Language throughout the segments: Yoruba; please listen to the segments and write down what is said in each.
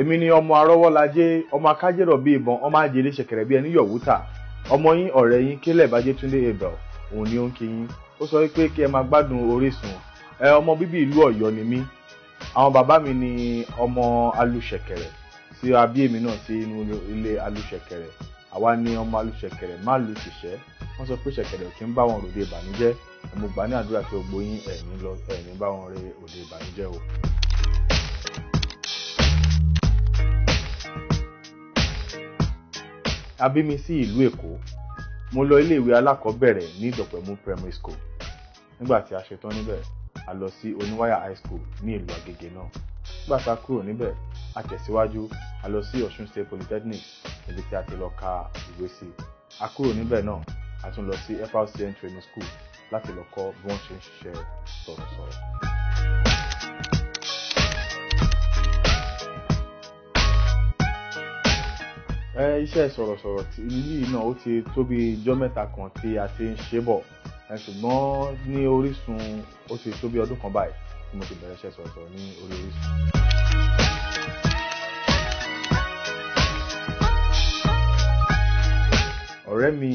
èmi ni ọmọ arọ́wọ́lajé ọmọ akájẹ́rọ̀ bíi ìbọn ọmọ àjèrè ṣẹ̀kẹ̀rẹ̀ bíi ẹni yọ̀wútà ọmọ yín ọ̀rẹ́ yín kélẹ̀ bájẹ́túndé abel òun ni ó ń kí yín ó sọ pé kí ẹ máa gbádùn orísun ẹ ọmọ bíbí ìlú ọ̀yọ́ ni mí àwọn bàbá mi ni ọmọ alùṣẹ̀kẹ̀rẹ̀ tí a bí èmi náà sí inú ilé alùṣẹ̀kẹ̀rẹ̀ àwa ni ọmọ alùṣẹ̀kẹ̀rẹ̀ má lu ṣìṣẹ́ wọ́n sọ pé ṣẹ̀kẹ̀rẹ̀ kì í bá wọn ròde ìbànújẹ́ ẹ̀mọ̀gbà ní àdúrà tí gbogbo yín ẹ̀yin bá wọn rè òde ìbànújẹ́ o. a bí mi sí ìlú Èkó mo lọ iléèwé alákọ̀ọ́bẹ̀rẹ̀ ní Ìdọ̀pẹ̀mú primary school nígbà tí a ṣetán níbẹ̀ a lọ sí Oníwáyà high school ní ìlú Àgègè náà nígbà tá a kúrò níbẹ̀ a tẹ̀síwájú a lọ sí Ọ̀ṣun State Polytechnic níbi tí a ti lọ ka ìwé sí a kúrò níbẹ̀ náà a tún lọ sí FRCN training school láti lọ kọ́ bí wọ́n ṣe ń ṣiṣẹ́ sọ̀rọ̀sọ̀rọ̀. iṣẹ́ sọ̀rọ̀sọ̀rọ̀ tí yìí náà ó ti tó bí ijọ́ mẹ́ta kan tí a ti ń ṣe bọ̀ ṣùgbọ́n ní Orísun ó ti tó bí ọdún kan báyìí tí mo ti bẹ̀rẹ̀ iṣẹ́ sọ̀rọ̀sọ̀rọ̀ ní orí Orísun. ọ̀rẹ́ mi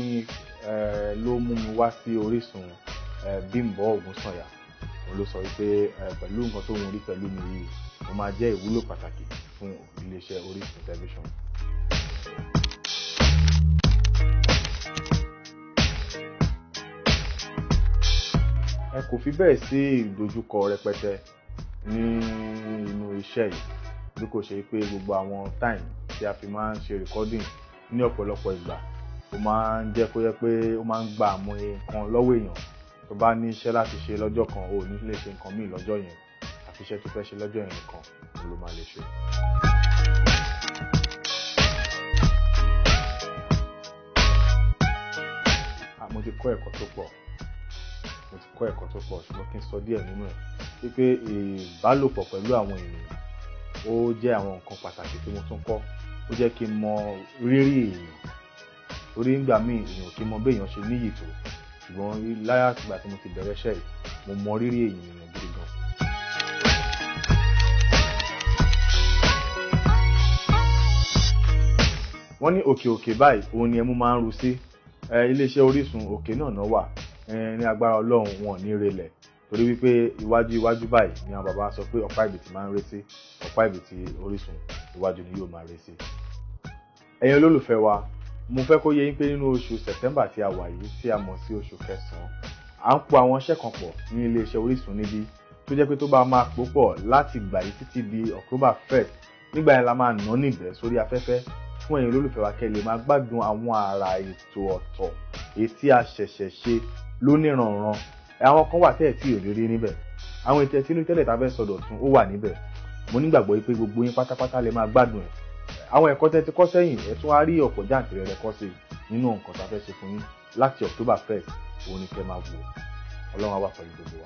ló mú mi wá sí Orísun Bímbọ́ Ògúnsànyà òun ló sọ wípé pẹ̀lú nǹkan tó ń rí pẹ̀lú mi yìí mo máa jẹ́ ìwúlò pàtàkì fún iléeṣẹ́ Orísun tẹlifíṣọ̀n ẹ kò fi bẹ́ẹ̀ sí ìdojúkọ rẹpẹtẹ ní inú iṣẹ́ yìí bí kò ṣe pé gbogbo àwọn time tí a fi máa ń ṣe recording ní ọ̀pọ̀lọpọ̀ ìgbà ó máa ń jẹ́ kó yẹ pé ó máa ń gba àmúye nǹkan lọ́wọ́ èèyàn tó bá ní iṣẹ́ láti ṣe lọ́jọ́ kan ò ní lè ṣe nǹkan míì lọ́jọ́ yẹn àfi tó fẹ́ ṣe lọ́jọ́ yẹn nìkan ló máa lè ṣe. kọ́ ẹ̀kọ́ tó pọ̀ mo ti kọ́ ẹ̀kọ́ tó pọ̀ ṣùgbọ́n kí n sọ díẹ̀ nínú ẹ̀ wípé ìbálòpọ̀ pẹ̀lú àwọn ènìyàn ó jẹ́ àwọn nǹkan pàtàkì tí mo tún kọ́ ó jẹ́ kí n mọ rírì èèyàn torí ńgbà míì èèyàn kì í mọ béèyàn ṣe níyì tó ṣùgbọ́n láyàtìgbà tí mo ti bẹ̀rẹ̀ iṣẹ́ yìí mo mọ rírì èèyàn gidi gan. wọ́n ní òkè òkè báyìí òun ni ẹmu máa ń ru sí. Si iléeṣẹ́ Orísun òkè náà náà wà ní agbára Ọlọ́run wọn ní relẹ̀ torí wípé iwájú iwájú báyìí ni àwọn bàbá sọ pé ọ̀pá ìbìtì máa ń ré sí ọ̀pá ìbìtì Orísun iwájú ni yóò máa ré sí. ẹ̀yin olólùfẹ́ wa mo fẹ́ kó yé yín pé nínú oṣù September tí a wà yìí tí a mọ̀ sí oṣù kẹsàn-án à ń po àwọn iṣẹ́ kan pọ̀ ní iléeṣẹ́ Orísun níbí tó jẹ́ pé tó bá máa pò pọ̀ láti gbà yìí títí di October 1st nígbà yẹn la máa nà níbẹ̀ sórí afẹ́fẹ́ fún ẹ̀yin olólùfẹ́ wa kẹ́ lè máa gbádùn àwọn àrà ètò ọ̀tọ̀ èyí tí a ṣẹ̀ṣẹ̀ ṣe lónìrànran àwọn kan wà tẹ́ẹ̀ tí ìrírí níbẹ̀ àwọn ètò ẹtí inú tẹ́lẹ̀ tá a fẹ́ sọdọ̀ tún ó wà níbẹ̀ mo nígbàgbọ́ pé gbogbo yín pátápátá lè máa gbádùn ẹ̀ àwọn ẹ̀kọ́ tẹ́ ti kọ́ sẹ́yìn ẹ̀ tún á rí ọ̀pọ̀ jáǹtìrẹrẹ kọ́ sí nínú nǹkan tá a fẹ́ ṣe fún yín láti October 1st òun ni kẹ́ máa wò